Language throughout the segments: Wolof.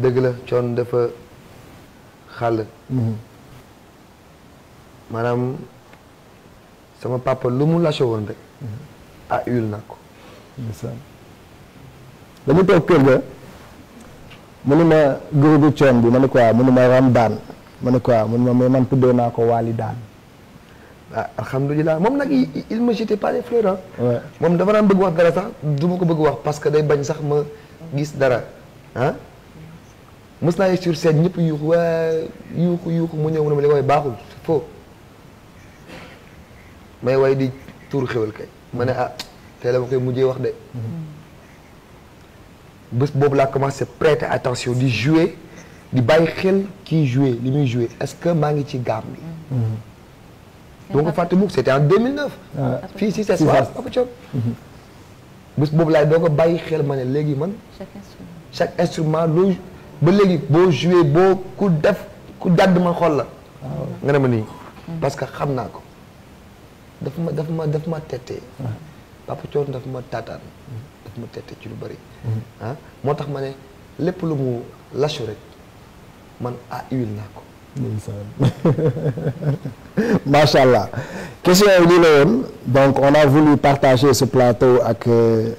dëgg la coon dafa xàll mhm. maanaam sama papa lu mu lâché woon rek mhm. ah yul naa ko dañu toog kër ga mu ne ma groupe coon bi ma ne ko waaw mu ne ma Ramadaan ma ne ko waaw mu ne ma mais man tuddee naa ko Waali Daan ah alhamdulilah moom nag il ma jetait pas les fleurs moom dafa naan bëgg wax dara sax du ma ko bëgg wax parce que day bañ sax ma gis dara mës naa sur scène ñëpp yuuxu waa yuuxu yuuxu mu ñëw mu ne ma li nga way baaxul foo may way di tuur xewal kay ma ne ah tey la ma koy mujjee wax de bés boobu laa commencé prêter attention di jouer di bàyyi xel kii jouer li muy jouer est-ce que maa ngi ci gaam bi mm-hmm. donc fàtte mukk c'était en 2009 fii si c'est ça Papa Thione mm-hmm. bés boobu laay doo ko xel ma ne léegi man chaque ba léegi boo joué boo ku def ku jàdd ma xool la. nga ne ma nii. Mm. parce que xam naa ko. daf ma daf ma daf ma tette. Ah. Papa Thione daf ma taataan. daf ma tette ci lu bari. Mm-hmm. Ah, moo tax ma ne lépp lu mu lachu rek man ah huile naa ko. macha allah question yi lii la woon donc on a voulu partager ce plateau ak. Euh,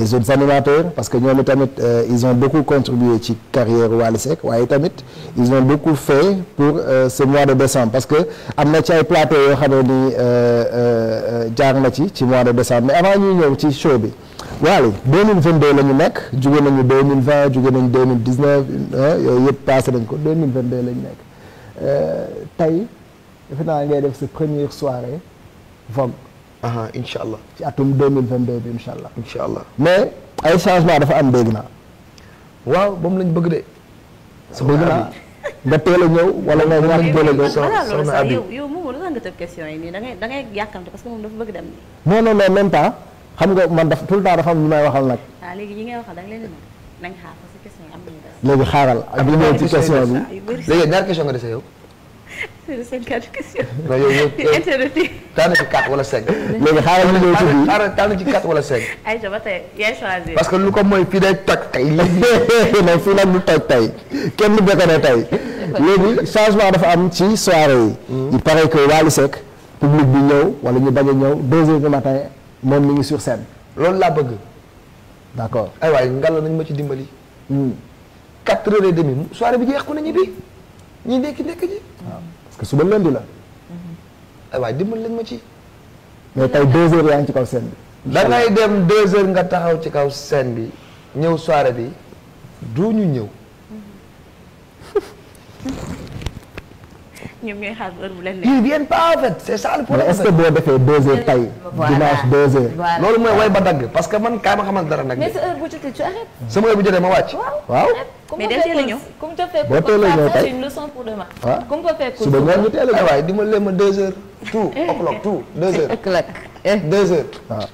les autres animateurs parce que ñoom tamit euh, ils ont beaucoup contribué ci carrière Wally Seck waaye tamit ils ont beaucoup fait pour euh, ce mois de décembre parce que am na ci ay plateau yoo xam ne ni euh, jaar na ci ci mois de décembre mais avant ñuy ñëw ci show bi Wally 2022 la ñu nekk jóge nañu 2020 jóge nañu 2019 yooyu yëpp passé nañ ko de la ñu nekk tey defe naa ngay def sa première soirée incha allah ci atum 2022 bi incha allah. incha allah mais ay changement dafa am dégg naa. waaw moom lañ bëgg de. sama bëgg naa nga teel a ñëw wala nga ñàkk teel a ñëw. soxna moom la nga tëb question yi nii da ngay da ngay yàkkamte parce que moom dafa bëgg même temps xam nga man daf tout le temps dafa am ñu may waxal nag. ah léegi ñi ngay waxal da nga leen di nañ xaar parce que question xaaral ak li ñëw ci question bi léegi ñaar question nga dese yow. seen quatre questions. non yow ci quatre wala cinq. léegi xaaral ñu ñëw ci biir xaaral ci quatre wala cinq. parce que lu ko mooy fii day toj tey léegi non fii nag changement dafa am ci soirée yi. il paraît que Wally Seck public bi ñëw wala ñu bañ a ñëw deux heures du matin moom mi ngi sur loolu laa bëgg. d' accord ay waay ngalla nañ ma ci dimbali. Hmm. soirée bi jeex ku ne ñibbi ñi ndekki ndekki ji. que suba lundi la. Mm-hmm. ay waay dimbal leen ma ci. mais tey deux heures yaa ngi ci kaw scène bi. da ngay dem deux heures nga taxaw ci kaw scène bi ñëw soirée bi du ñu ñëw. ñoom ñooy xaar heure bu leen ils viennent pas en fait c'est ça le problème. mais est-ce que boo defee deux heures tey. dimanche deux heures. loolu mooy way ba dagg parce que man kaay ma xamal dara nag. mais sa heure bu jotee tu arrêtes. sama heure bu jotee ma wàcc. waaw mais del teel a ñëw comme te fekk boo teel a ñëw tey une leçon pour demain. waaw comme ko fekk suba ngoon ñu teel a ñëw waaye di ma leen ma deux heures. tout o'clock tout deux heures. o'clock eh. deux heures. waaw ah.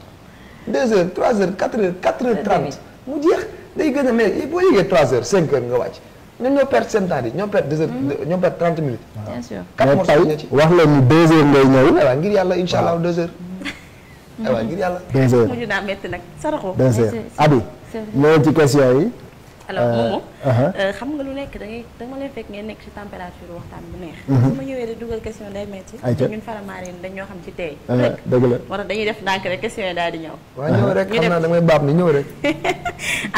deux heures trois heures quatre heures quatre heures trente mu jeex day gën a mais boo yëgee trois heures cinq heures nga wàcc ñun ñoo perte seen yi ñoo perte deux heures mhm. ñoo perte trente minutes. bien wax leen ni deux ngay ñëw. Eh ngir yàlla incha allah deux heures. aywa eh ngir yàlla. deux heures mujj nag saraxoo. deux heures Abi ñëw ci question yi. alors euh, Momo uh-huh. euh, xam nga lu nekk da ngay dama leen fekk ngeen nekk ci température waxtaan bu neex. bu mhm. ma ñëwee di dugal question day métti. ayca ñun faramaareen dañ ñoo xam ci tey. Ah, rek dëgg la war dañuy def ndànk rek question yi daal di ñëw. waaw ñëw rek xam naa damay baab ni ñëw rek.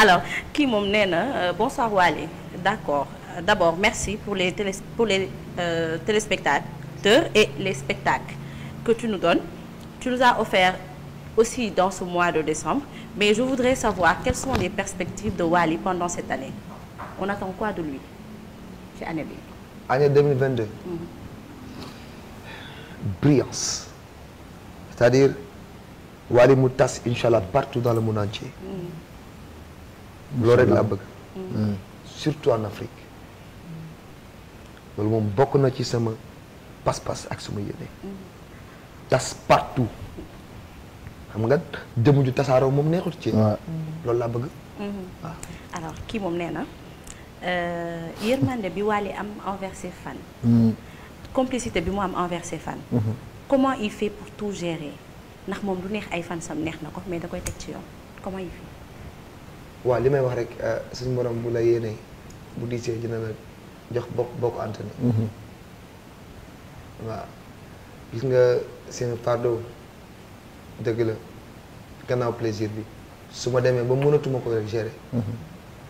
alors kii moom nee na euh, bonsoir Waly d'accord d'abord merci pour les télé pour les euh, téléspectateurs et les spectacles que tu nous donnes tu nous as offert aussi dans ce mois de décembre mais je voudrais savoir quelles sont les perspectives de Wally pendant cette année on attend quoi de lui ci année bi année 2022 mm -hmm. brillance c'est-à-dire Wally mu tas incha allah partout dans le monde entier mm. loolu rek laa surtout en Afrique loolu moom bokk na ci sama pas-pas ak sama yéene tas partout xam nga jëmm ju tasaaroo moom neexut ci loolu laa bëgg mm-hmm. waaw alors kii moom nee na euh, yërmande bi Wally am envers ses fans mm. complicité bi mu am envers fan fans mm-hmm. comment il fait pour tout gérer ndax moom lu neex ay fansam neex na ko mais da koy teg ci yoon comment il fait waaw li may wax rek euh, suñ borom bu la yéene bu diisee dina la jox bokk bokk antenne mhm. waaw gis nga seen fardeau dëgg la gannaaw plaisir bi su ma demee ba mënatuma ko rek gérer mhm.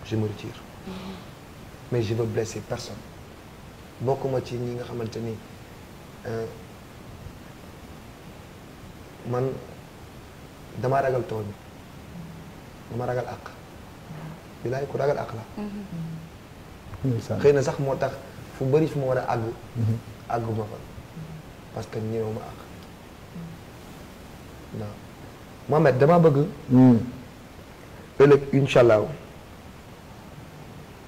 je me retire mais je veux blesser personne bokkuma ci ñi nga xamante ni euh, man damaa ragal tooñ dama ragal àq bilaay ku ragal àq la mhm. xëy na sax moo tax fu bëri fu ma war a àgg mhm. àgguma fa parce que ñëw ma ak waaw Mohamed damaa bëgg hmm. ëllëg incha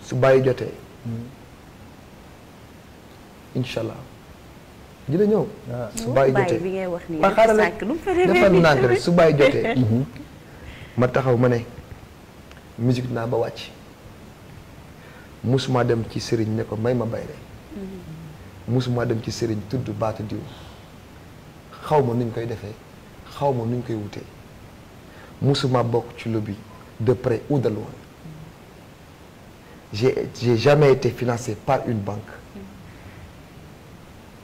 su bàyyi jotee hmm. incha allah dina ñëw ah. su bàyyi jotee waa xaaral defal nànk rek su bàyyi jotee mhm. ma taxaw ma ne musique naa ba wàcc musuma dem ci sëriñ ne ko may ma bayre mm-hmm. musuma dem ci sëriñ tudd baatu diw xaw ma nuñ koy defee xaw ma nuñ koy wutee musuma bokk ci lobby de près ou de loin j'ai par une banque mm-hmm.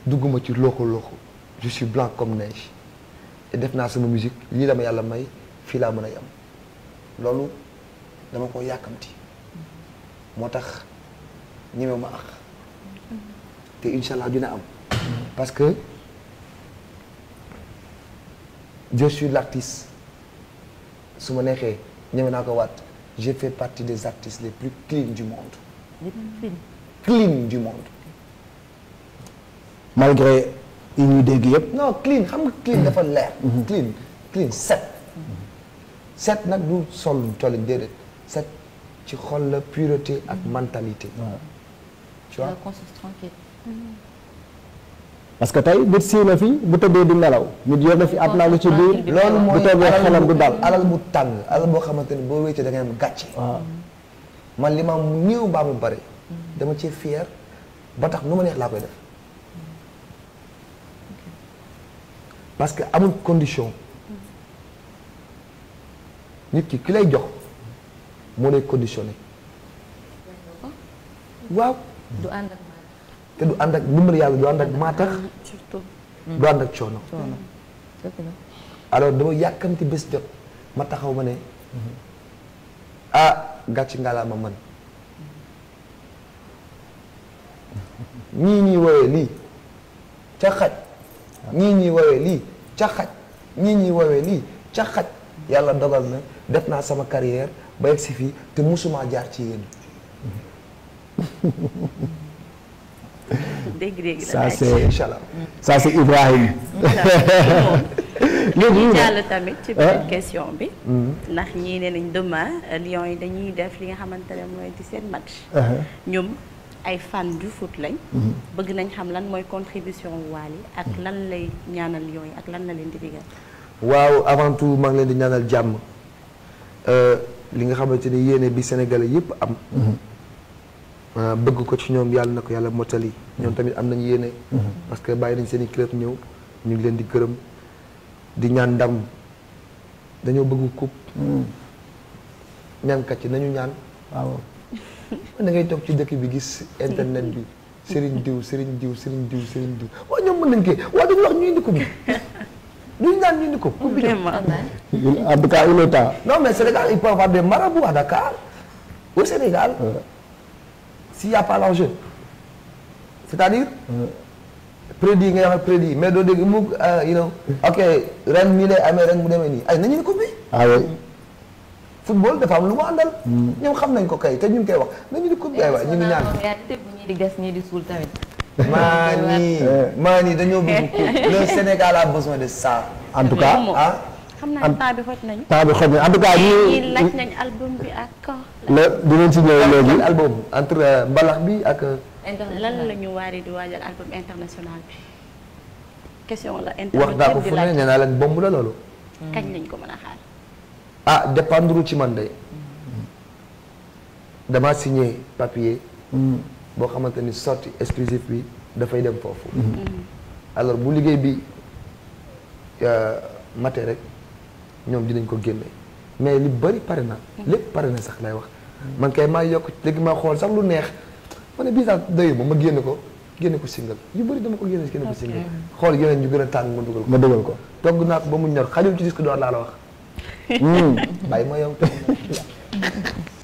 dugguma ci loko loko je blanc comme neige def naa sama musique lii la yàlla may fii laa mën a yam loolu dama ko yàkkamti moo tax ñemewu ma ak te incha allah na am parce que je suis l'artiste su ma neexee ñeme naa ko waat j'ai fait partie des artistes les plus clean du monde. les plus malgré yi ñuy dégg yëpp. non clean xam nga clean dafa leer. Mm-hmm. clean clean set. set nag du sol colin déedéet set. ci xol la pureté ak mentalité. tu parce que tey nit sii na fi bu tëddee di nelaw. nit yor na fi am naa lu ci biir. loolu mooy alal bu tàng alal boo xamante ni boo wéccee da ngay am gàcce. man li ma am néew baa mu bari. Mm. dama ci fier ba tax nu ma neex laa koy def. parce que amul condition. Mm. nit ki ki lay jox. moo lay conditionné waaw. du ànd ak te du ànd ak ndimbal yàlla du ànd ak maa tax. du ànd ak coono. alors dama yàkkamti bés jot ma taxaw ma ne ah gàcc ngalaa ma man ñii ñuy woowee lii ca xaj ñii ñuy woowee lii ca xaj ñii ñuy woowee lii ca xaj yàlla dogal na def naa sama carrière ba egg si fii te musuma jaar ci yéen. dégg-dégg la ça c'est allah ça c'est Ibrahima. léegi jàll tamit ci ah. beneen question bi. Hmm. ndax ñii ne nañ demain euh, yi dañuy def li nga xamante ne mooy di seen match. Uh-huh. ñoom ay fan du foot lañ. Hmm. bëgg nañ xam lan mooy contribution yi ak hmm. lan lay ñaanal Lions yi ak lan la leen di digal. waaw avant tout maa leen di ñaanal jàmm. Euh, li nga xamante ni yéene bi Sénégalais yëpp am. Mhm. Euh, bëgg ko ci ñoom yàlla na ko yàlla motali. ñoom tamit am nañu yéene. Mhm. parce que bàyyi nañ seen i ñëw ñu ngi leen di gërëm di ñaan ndam dañoo bëggu coupe. Mhm. ñaankat yi nañu ñaan. waaw da ngay toog ci dëkk bi gis internet bi. Serigne diw Serigne diw Serigne diw Serigne diw waaw ñoom mën nañ kii waaw dañu wax ñu indi coupe duñ naan ñu ni ko. coupe bi en tout cas il est temps. non mais Sénégal il peut avoir des marabouts à Dakar au Sénégal. s'il y a pas l'enjeu cest à mais doo dégg mu you know ok ren mii lay amee ren mu demee nii ay na ne coupe bi. ah football dafa am lu mu àndal. Mm. ñoom xam nañ ko kay te ñu ni koy wax nañu ne coupe bi. aywa ñu ngi ñaan réalité bu ñuy di des ñii di suul tamit. maa nii maa nii dañoo bëgg ko le Sénégal a besoin de ça. en tout ah. xam naa temps bi xoj nañu. temps bi xoj nañu en tout cas. ñii laaj nañu album bi ak euh, mbalax bi ak. Euh, lan la ñu waaree di waajal album international bi question la. wax naa ko fu ne nee naa bomb la loolu. Hmm. kañ lañ ko mën a xaar. ah dépendre ci man de. Hmm. damaa signé papier. Hmm. boo xamante ni sortie exclusive bi dafay dem foofu mm-hmm. Mm-hmm. alors bu liggéey bi euh, matee rek ñoom dinañ ko génne mais li bari pare na mm-hmm. lépp pare na sax lay wax man kay maa yokk léegi maa xool sax lu neex ma ne bii sax doyu ma ma génn ko génne ko single yu bëri dama ko génne génne ko single xool yeneen ñu gën a tàng ma dugal ko ma dugal ko togg naa ko ba mu ñor xajul ci disque d'or laa la wax mm. bàyyi ma yow